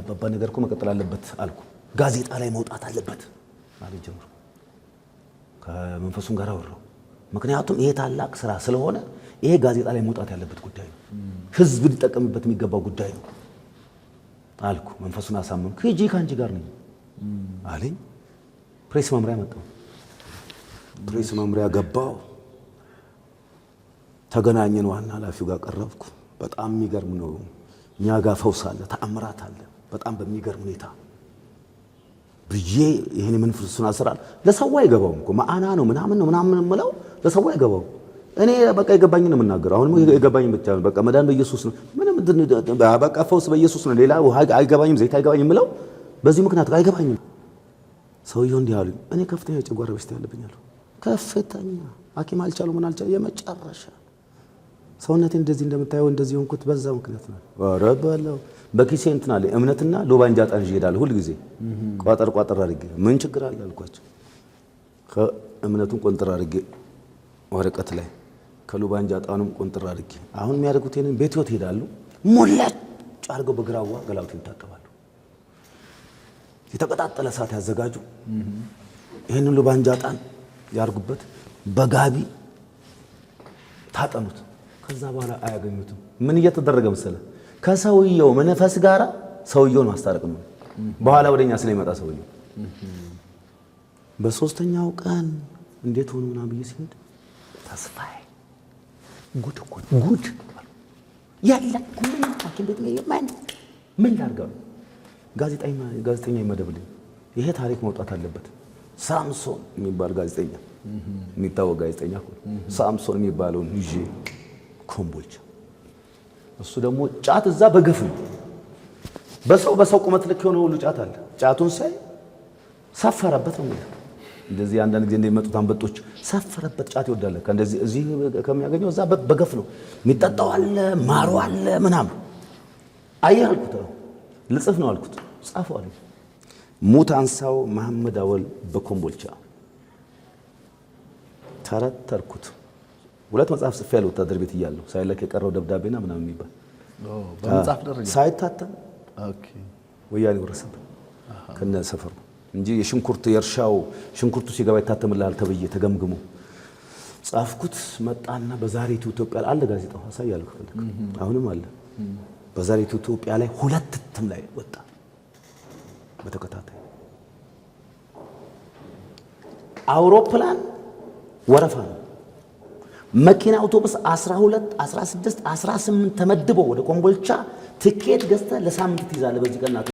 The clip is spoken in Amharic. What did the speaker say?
አባባ ነገር እኮ መቀጠል አለበት አልኩ። ጋዜጣ ላይ መውጣት አለበት ማለት ጀምሩ። ከመንፈሱም ጋር አወራው። ምክንያቱም ይሄ ታላቅ ስራ ስለሆነ ይሄ ጋዜጣ ላይ መውጣት ያለበት ጉዳይ ነው። ህዝብ ሊጠቀምበት የሚገባው ጉዳይ ነው አልኩ። መንፈሱን አሳመምኩ። ሂጂ ከአንቺ ጋር ነኝ አለኝ። ፕሬስ መምሪያ መጣው ፕሬስ መምሪያ ገባው። ተገናኘን። ዋና ኃላፊው ጋር ቀረብኩ። በጣም የሚገርም ነው። እኛ ጋር ፈውስ አለ፣ ተአምራት አለ። በጣም በሚገርም ሁኔታ ብዬ ይህን የምንፍልስና ስራ ለሰው አይገባውም እኮ መዓና ነው ምናምን ነው ምናምን የምለው ለሰው አይገባውም። እኔ በቃ የገባኝ ነው የምናገረው። አሁን የገባኝ ብቻ በቃ መዳን በኢየሱስ ነው፣ ምንም በቃ ፈውስ በኢየሱስ ነው። ሌላ አይገባኝም፣ ዘይት አይገባኝም የምለው በዚህ ምክንያት አይገባኝም። ሰውየው እንዲህ አሉኝ። እኔ ከፍተኛ የጨጓራ በሽታ ያለብኛለሁ። ከፍተኛ ሐኪም አልቻሉ ምን አልቻሉ የመጨረሻ ሰውነቴ እንደዚህ እንደምታየው እንደዚህ ሆንኩት በዛ ምክንያት ነው። ኧረ በለው በኪሴ እንትን አለ እምነትና ሎባንጃ ጣን ይሄዳል ሁልጊዜ ቋጠር ቋጠር አድርጌ ምን ችግር አለ አልኳቸው። ከእምነቱን ቆንጥር አድርጌ ወረቀት ላይ ከሎባንጃ ጣኑም ቆንጥር አድርጌ አሁን የሚያደርጉት ይሄንን ቤት ወት ይሄዳሉ። ሞላጭ አድርገው በግራዋ ገላውቴን ይታጠባሉ። የተቀጣጠለ ሰዓት ያዘጋጁ ይህንን ሎባንጃ ጣን ያርጉበት በጋቢ ታጠኑት። ከዛ በኋላ አያገኙትም። ምን እየተደረገ መሰለ ከሰውየው መንፈስ ጋር ሰውየውን ማስታረቅ ነው። በኋላ ወደኛ ስለሚመጣ ሰውየው በሶስተኛው ቀን እንዴት ሆኖ ምናምን ብዬ ሲሄድ ተስፋዬ ጉድ እኮ ጉድ ያለ ሐኪም ቤት ማን ምን ላድርገው? ጋዜጠኛ ይመደብልኝ፣ ይሄ ታሪክ መውጣት አለበት። ሳምሶን የሚባል ጋዜጠኛ የሚታወቅ ጋዜጠኛ ሳምሶን የሚባለውን ይዤ ኮምቦልቻ። እሱ ደግሞ ጫት እዛ በግፍ ነው። በሰው በሰው ቁመት ልክ የሆነ ሁሉ ጫት አለ። ጫቱን ሳይ ሳፈረበት ነው። እንደዚህ አንዳንድ ጊዜ እንደሚመጡት አንበጦች ሳፈረበት ጫት ይወዳለ። ከእንደዚህ እዚህ ከሚያገኘው እዛ በገፍ ነው የሚጠጣው፣ አለ ማሩ አለ ምናምን። አየህ አልኩት፣ ልጽፍ ነው አልኩት፣ ጻፈው አለ። ሙት አንሳው መሐመድ አወል በኮምቦልቻ ተረተርኩት። ሁለት መጽሐፍ ጽፌ ያለ ወታደር ቤት እያለሁ ሳይለክ የቀረው ደብዳቤና ምናምን የሚባል ሳይታተም ወያኔ ወረሰብን ከነ ሰፈሩ እንጂ የሽንኩርት የእርሻው ሽንኩርቱ ሲገባ ይታተምልሃል ተብዬ ተገምግሞ ጻፍኩት። መጣና በዛሬቱ ኢትዮጵያ አለ ጋዜጣ አሳያለሁ ከፈለክ አሁንም አለ። በዛሬቱ ኢትዮጵያ ላይ ሁለት እትም ላይ ወጣ በተከታታይ አውሮፕላን ወረፋ ነው። መኪና፣ አውቶቡስ 12፣ 16፣ 18 ተመድቦ ወደ ኮምቦልቻ ትኬት ገዝተ ለሳምንት ትይዛለ። በዚህ ቀን